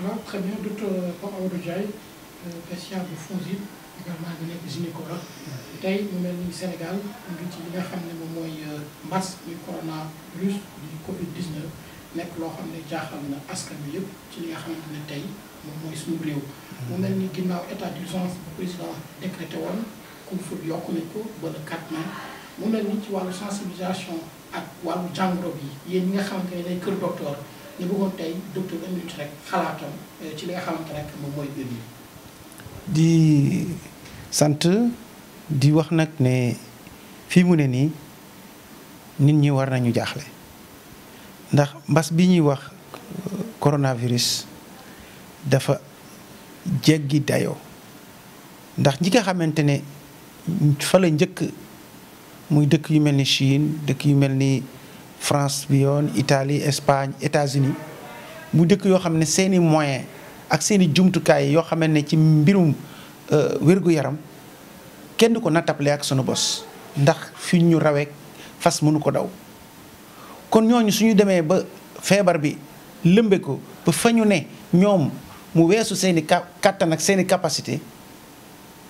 Voilà, très bien, docteur Amadou Diaye. patient bu FONGIP également di nekk gynécologue tey mu mel ni Sénégal mu ngi ci li nga xam ne moom mooy euh, mbas muy coronavirus di Covid 19 nekk loo xam ne jaaxal na askan bi yëpp ci li nga xamante ne tey moom mooy suñu réew. mu mel ni ginnaaw état d'urgence bu président décrété woon couvre-feu bi yokk nañ ko ba le 4 mai mu mel ni ci wàllu sensibilisation ak wàllu jàngoro bi yéen ñi nga xamante ne day kër docteur ñu bëggoon tey docteur indi rek xalaatam euh, ci li nga moom mooy mbir mi. di sant di wax nag ne fii mu ne nii nit ñi war nañu jaaxle ndax mbas bi ñuy wax coronavirus dafa jéggi dayoo ndax ñi nga xamante ne fala njëkk muy dëkk yu mel ni Chine dëkk yu mel ni France bi yoon Italie Espagne États-Unis mu dëkk yoo xam ne seeni moyen ak seen i jumtukaay yoo xamante ne ci mbirum euh, wér-gu-yaram kenn du ko nattable ak sunu bos ndax fi ñu rawee fas mënu ko daw kon ñooñu suñu demee ba feebar bi lëmbe ko ba fa ñu ne ñoom mu weesu seeni i kàttan ak seen i capacité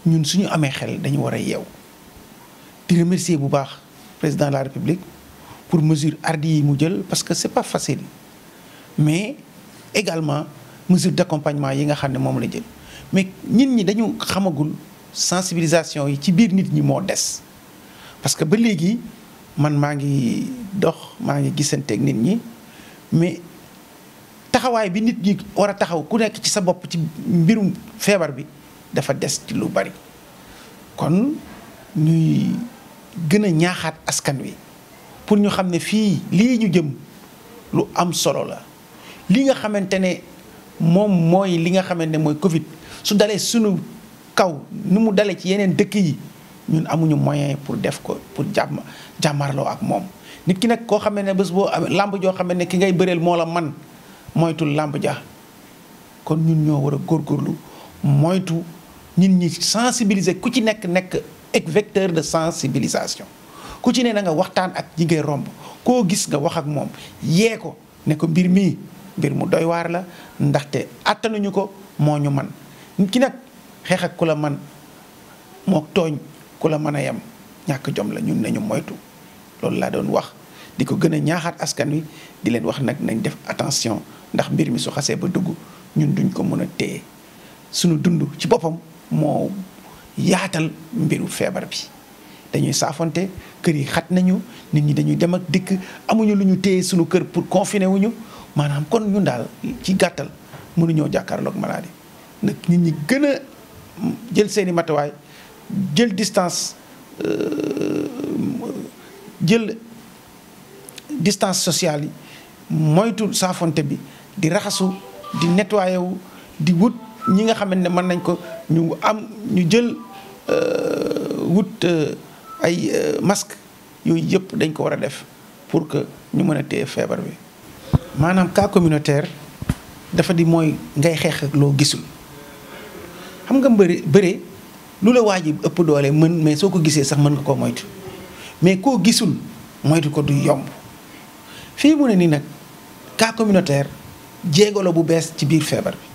ñun suñu amee xel dañu war a yeew di remercier bu baax président de la république pour mesure hardie yi mu jël parce que c'est pas facile mais également mesure d'accompagnement yi nga xam ne moom la jël mais nit ñi dañu xamagul sensibilisation yi ci biir nit ñi moo des parce que ba léegi man maa ngi dox maa ngi gisanteeg nit ñi mais taxawaay bi nit ñi war a taxaw ku nekk ci sa bopp ci mbirum feebar bi dafa des ci lu bari kon ñuy gën a ñaaxaat askan wi pour ñu xam ne fii lii ñu jëm lu am solo la li nga xamante ne moom mooy li nga xamante ne mooy Covid su dalee suñu kaw nu mu dalee ci yeneen dëkk yi ñun amuñu moyen pour def ko pour jàmm jàmmarloo ak moom. nit ki nag koo xam ne bés boo làmb joo xam ne ki ngay bëreel moo la man moytul làmb ja kon ñun ñoo war a góor góorlu moytu ñun ñi sensibiliser ku ci nekk nekk ek de sensibilisation ku ci ne na nga waxtaan ak ñi romb koo gis nga wax ak moom yee ko ne ko mbir mii. mbir mu doy waar la ndaxte attanuñu ko moo ñu man ki nag xeex ak ku la man moo tooñ ku la mën a yem ñàkk jom la ñun nañu moytu loolu laa doon wax di ko gën a ñaaxaat askan wi di leen wax nag nañ def attention ndax mbir mi su xasee ba dugg ñun duñ ko mën a téye suñu dund ci boppam moo yaatal mbiru feebar bi dañuy saafonte kër yi xat nañu nit ñi dañuy dem ak dikk amuñu lu ñu téye suñu kër pour confiner wuñu maanaam kon ñun daal ci gàttal mënuñoo jàkkaarloog maladie nag nit ñi gën a jël seeni matuwaay jël distance euh, jël distance sociale yi moytu saafonte bi di raxasu di nettoyé wu di wut ñi nga xamante ne mën nañ ko ñu am ñu jël euh, wut euh, ay masque yooyu yëpp dañ ko war a def pour que ñu mën a téye feebar bi maanaam cas communautaire dafa di mooy ngay xeex ak loo gisul xam nga mbëri bëre lu la waa ji ëpp doole mën mais soo ko gisee sax mën nga koo moytu mais koo gisul moytu ko du yomb fii mu ne nii nag kaa communautaire jéego bu bees ci biir feebar bi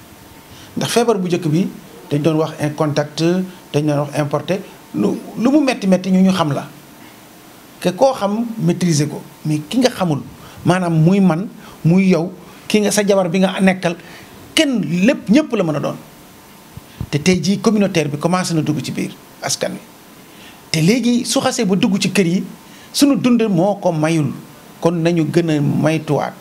ndax feebar bu njëkk bi dañ doon wax un contact dañ doon wax importe lu lu mu metti metti ñu ñu xam la ke koo xam maîtriser ko mais ki nga xamul maanaam muy man muy yow ki nga sa jabar bi nga nekkal kenn lépp ñëpp la mën a doon te tey jii communautaire bi commencé na dugg ci biir askan te léegi su xasee ba dugg ci kër yi sunu dund moo ko mayul kon nañu gën a maytuwaat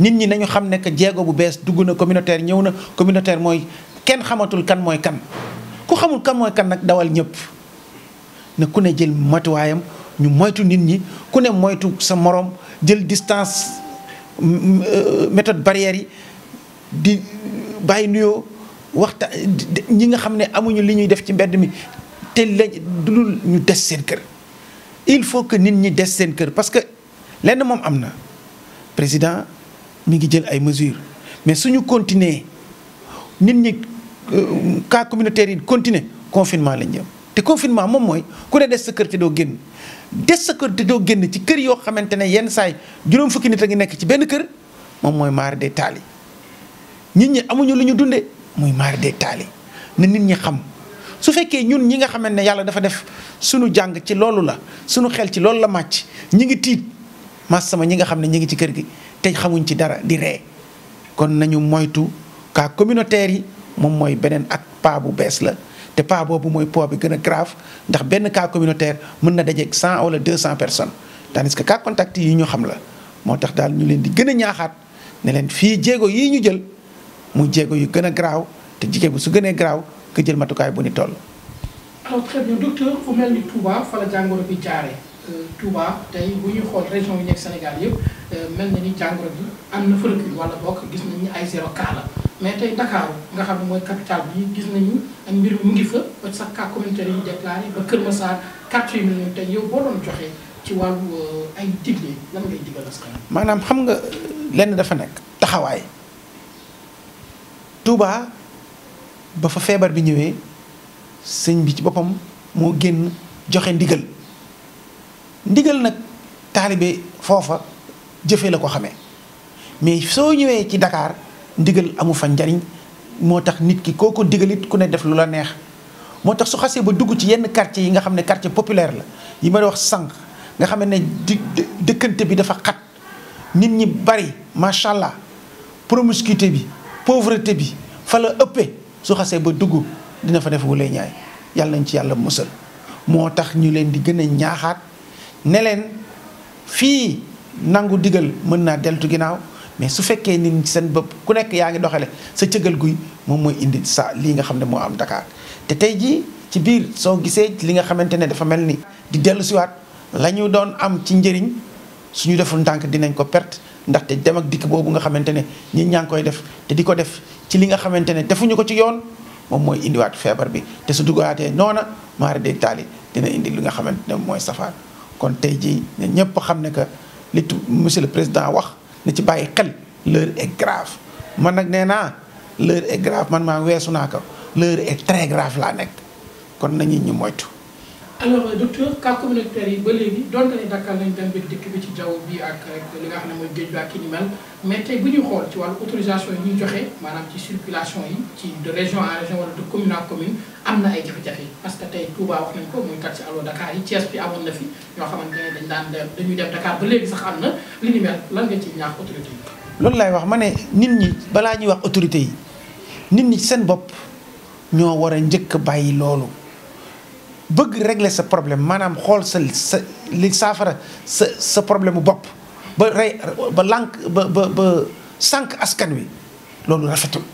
nit ñi nañu xam ne que jéego bu bees dugg na communautaire ñëw na communautaire mooy kenn xamatul kan mooy kan ku xamul kan mooy kan nag dawal ñëpp na ku ne jël matuwaayam ñu moytu nit ñi ku ne moytu sa moroom jël distance euh, méthode barrière yi di bàyyi nuyoo waxta ñi nga xam ne amuñu li ñuy def ci mbedd mi te lañ dulul ñu des seen kër il faut que nit ñi des seen kër parce que lenn moom am na président mu ngi jël ay mesures mais suñu continuer nit ñi euh, cas communautaire yi continuer confinement lañ jëm te confinement moom mooy ku ne des sa kër te doo génn des sa kër te génn ci kër yoo xamante ne yenn saay juróom fukki nit a ngi nekk ci benn kër moom mooy maar de taali nit ñi amuñu lu ñu dunde muy maar de taali na nit ñi xam su fekkee ñun ñi nga xamante ne yàlla dafa def suñu jàng ci loolu la suñu xel ci loolu la màcc ñi ngi tiit mas sama ñi nga xam ne ñi ngi ci kër gi te xamuñ ci dara di ree kon nañu moytu cas communautaire yi moom mooy beneen ak paa bu bees la te pas boobu mooy poids bi gën a grave ndax benn kaa communautaire mën na dajeeg 100 wala 200 personnes tandis que cas contact yi ñu xam la moo tax daal ñu leen di gën a ñaaxaat ne leen fii jéego yi ñu jël muy jéego yu gën a graaw te jigéen bu su gënee graaw nga jël matukaay bu ni toll. alors très bien docteur fu mel ni Touba fa la jàngoro bi jaaree euh, Touba tey bu ñuy xool région yi nekk Sénégal yëpp euh, mel na ni jàngoro bi am na fa recul wala bokk gis mais tey Dakar nga xam mooy capitale bi gis nañu ak mbir mu ngi fa ba sax cas communautaire yi déclaré ba Kër Massar 4 millions tey yow doon joxe ci wàllu euh, ay xam nga lenn dafa nekk taxawaay Touba ba fa feebar bi ñëwee sëñ bi ci boppam moo génn joxe ndigal ndigal nag taalibe foofa jëfe la ko xamee mais soo ñëwee ci Dakar. ndigal amu fa njariñ moo tax nit ki koo ko digalit ku ne def lu la neex moo tax su xasee ba dugg ci yenn quartier yi nga xam ne quartier populaire la yi ma wax sànq nga xam ne di dëkkante bi dafa xat nit ñi bari macha allah promiscuité bi pauvreté bi fa la ëppee su xasee ba dugg dina fa def wu lay ñaay yàlla nañ ci yàlla musal moo tax ñu leen di gën a ñaaxaat ne leen fii nangu digal mën naa deltu ginnaaw mais su fekkee nit seen bopp ku nekk yaa ngi doxale sa cëgal guy moom mooy indi saa lii nga xam ne moo am ndakaar te tey jii ci biir soo gisee li nga xamante ne dafa mel ni di dellu siwaat la ñu doon am ci njëriñ su ñu deful ndànk dinañ ko perte ndaxte dem ak dikk boobu nga xamante ne ñi ñaa ngi koy def te di ko def ci li nga xamante ne defuñu ko ci yoon moom mooy indiwaat feebar bi te su duggaatee noona maari de taali dina indi li nga xamante ne mooy safaan kon tey jii xam ne que li monsieur le président wax na ci bàyyi xel l'heure est grave man nag nee naa l'heure est grave man maa weesu naa ko l'heure est très grave laa nekk kon nañu ñu moytu. alors euh, docteur cas communautaire yi ba léegi donte ne Dakar lañ dem dëkk bi ci jaww bi ak li nga xam ne mooy géej lu ak ni mel mais tey bu ñuy xool ci wàllu autorisation yi ñuy joxe maanaam ci circulation yi ci de région en région wala de commune en commune am na ay jafe Touba wax nañ ko muy taxi bi amoon na fi ñoo xamante ne dañ daan sax am na li lan nga ci ñaax loolu laay wax ma ne nit ñi balaa ñuy wax autorité yi nit ñi seen bopp ñoo war a njëkk bàyyi loolu bëgg régler sa problème maanaam xool sa sa li saafara sa sa problème mu bopp ba rey ba lànk ba ba ba askan wi loolu rafetul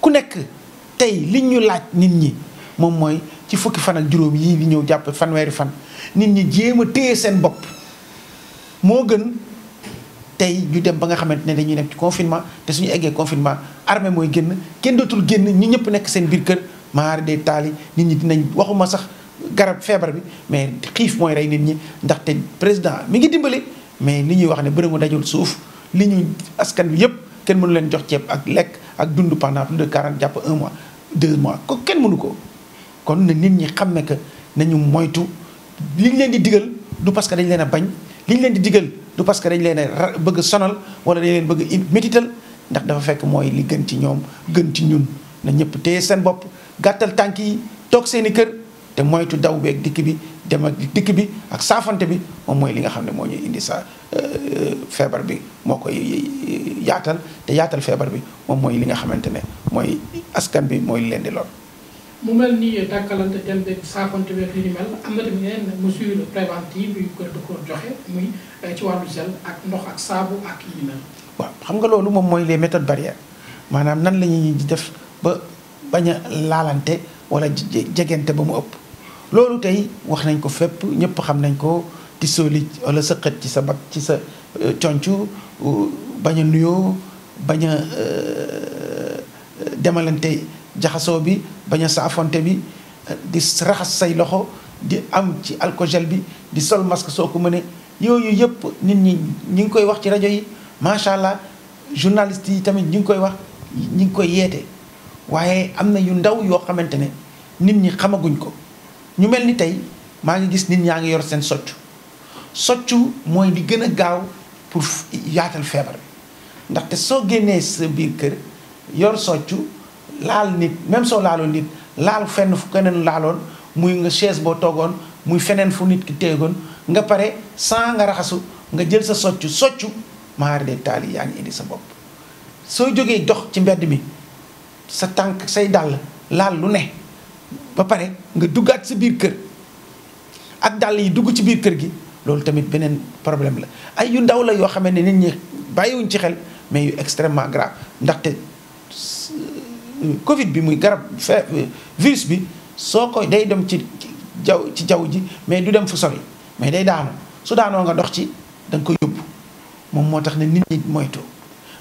ku nekk tey li ñu laaj nit ñi moom mooy. ci fukki fan juróom yii di ñëw jàpp fanweeri fan nit ñi jéem a téye seen bopp moo gën tey ñu dem ba nga xamante ne dañuy nekk ci confinement te suñu eggee confinement armée mooy génn kenn dootul génn ñi ñëpp nekk seen biir kër maar de taali nit ñi dinañ waxuma sax garab feebar bi mais xiif mooy rey nit ñi ndaxte président mi ngi dimbali mais li ñuy wax ne bërëmu dajul suuf li ñu askan bi yëpp kenn mënu leen jox ceeb ak lekk ak dundu pendant plus de 40 jàpp un mois deux mois ko kenn mënu ko kon na nit ñi xam ne que nañu moytu li ñu leen di digal du parce que dañ leen a bañ li ñu leen di digal du parce que dañ leen a bëgg sonal wala dañ leen bëgg métital ndax dafa fekk mooy li gën ci ñoom gën ci ñun na ñëpp te seen bopp gàttal tànk yi toog seen i kër te moytu daw beeg dikk bi dem ak dikk bi ak saafante bi moom mooy li nga xam ne moo ñuy indi sa euh, feebar bi moo koy euh, yaatal te yaatal feebar bi moom mooy li nga xamante ne mooy askan bi mooy leen di lool mu mel ni tàkkalante jënd saakonte weer li ni mel am na tamit yeneen mesure préventive yu kër doktoor joxe muy eh, ci wàllu sel ak ndox ak saabu ak yi ni waaw xam nga loolu moom mooy les méthodes barrières maanaam nan la ñuy def ba bañ a laalante wala jegente ba mu ëpp. loolu tey wax nañ ko fépp ñëpp xam nañ ko ti soli wala sa ci sa bag ci sa eh, conc bañ a nuyoo bañ a eh, demalante. jaxasoo bi bañ sa saafonte bi di raxas say loxo di am ci alcogel bi di sol masque soo ko mënee yooyu yëpp nit ñi ñi ngi koy wax ci rajo yi macha allah journaliste yi tamit ñi ngi koy wax ñi ngi koy yeete waaye am na yu ndaw yoo xamante ne nit ñi xamaguñ ko ñu mel ni tey maa ngi gis nit ñaa ngi yor seen soccu soccu mooy li gën a gaaw pour yaatal feebar bi ndaxte soo génnee sa biir kër yor soccu laal nit même soo laalul nit laal fenn fu keneen laaloon muy nga chaise boo toogoon muy feneen fu nit ki teegoon nga pare sans nga raxasu nga jël sa soccu soccu maar de taal yi yaa ngi indi sa bopp. soo jógee dox ci mbedd mi sa tànk say dàll laal lu ne ba pare nga duggaat sa biir kër ak dàll yi dugg ci biir kër gi loolu tamit beneen problème la ay yu ndaw la yoo xamante ne nit ñi bàyyiwuñ ci xel mais yu extrêmement grave ndaxte. Covid bi muy garab fe virus bi soo ko day dem ci jaw ci jaww ji mais du dem fu sori mais day daanu su daanoo nga dox ci da nga ko yóbbu moom moo tax ne nit ñi moytu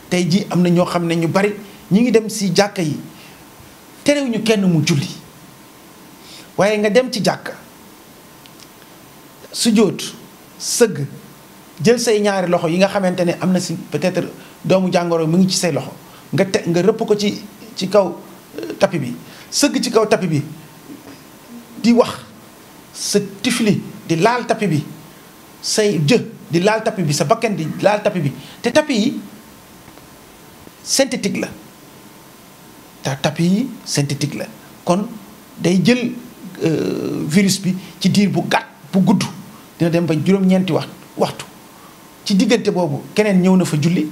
tey jii am na ñoo xam ne ñu bari ñu ngi dem si jàkka yi terewuñu kenn mu julli waaye nga dem ci jàkka su jóot sëgg jël say ñaari loxo yi nga xamante ne am na si peut-être doomu jàngoro mu ngi ci say loxo nga te nga rëpp ko ci ci kaw euh, tapi bi sëgg ci kaw tapi bi di wax sa tifli di laal tapi bi say jë di laal tapi bi sa bakken di laal tapi bi te tapi yi synthétique la te tapi yi synthétique la kon day jël euh, virus bi ci diir bu gàtt bu gudd dina dem ba juróom-ñeenti wax waxtu ci diggante boobu keneen ñëw na fa julli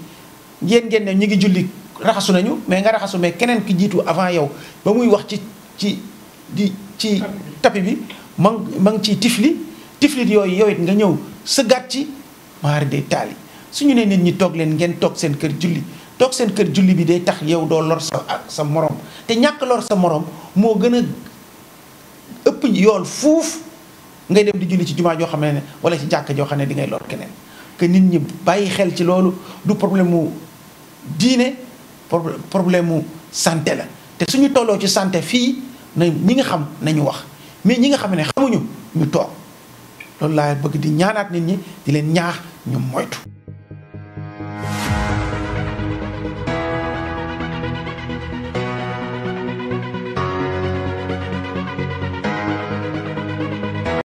ngeen ngeen ne ñu ngi julli raxasu nañu mais nga raxasu mais keneen ki jiitu avant yow ba muy wax ci ci di ci tapi bi ma ma ngi ciy tifli tiflit yooyu yow it nga ñëw sëggaat ci maari yi su ñu ne nit ñi toog leen ngeen toog seen kër julli toog seen kër julli bi day tax yow doo lor sa sa moroom te ñàkk lor sa moroom moo gën a ëpp yoon fuuf ngay dem di julli ci jumaa joo xam ne ne wala ci jàkk joo xam ne dingay ngay lor keneen que nit ñi bàyyi xel ci loolu du problème mu diine problème mu santé la te suñu tolloo ci santé fii na ñi nga xam nañu wax mais ñi nga xam ne xamuñu ñu toog loolu laa bëgg di ñaanaat nit ñi di leen ñaax ñu moytu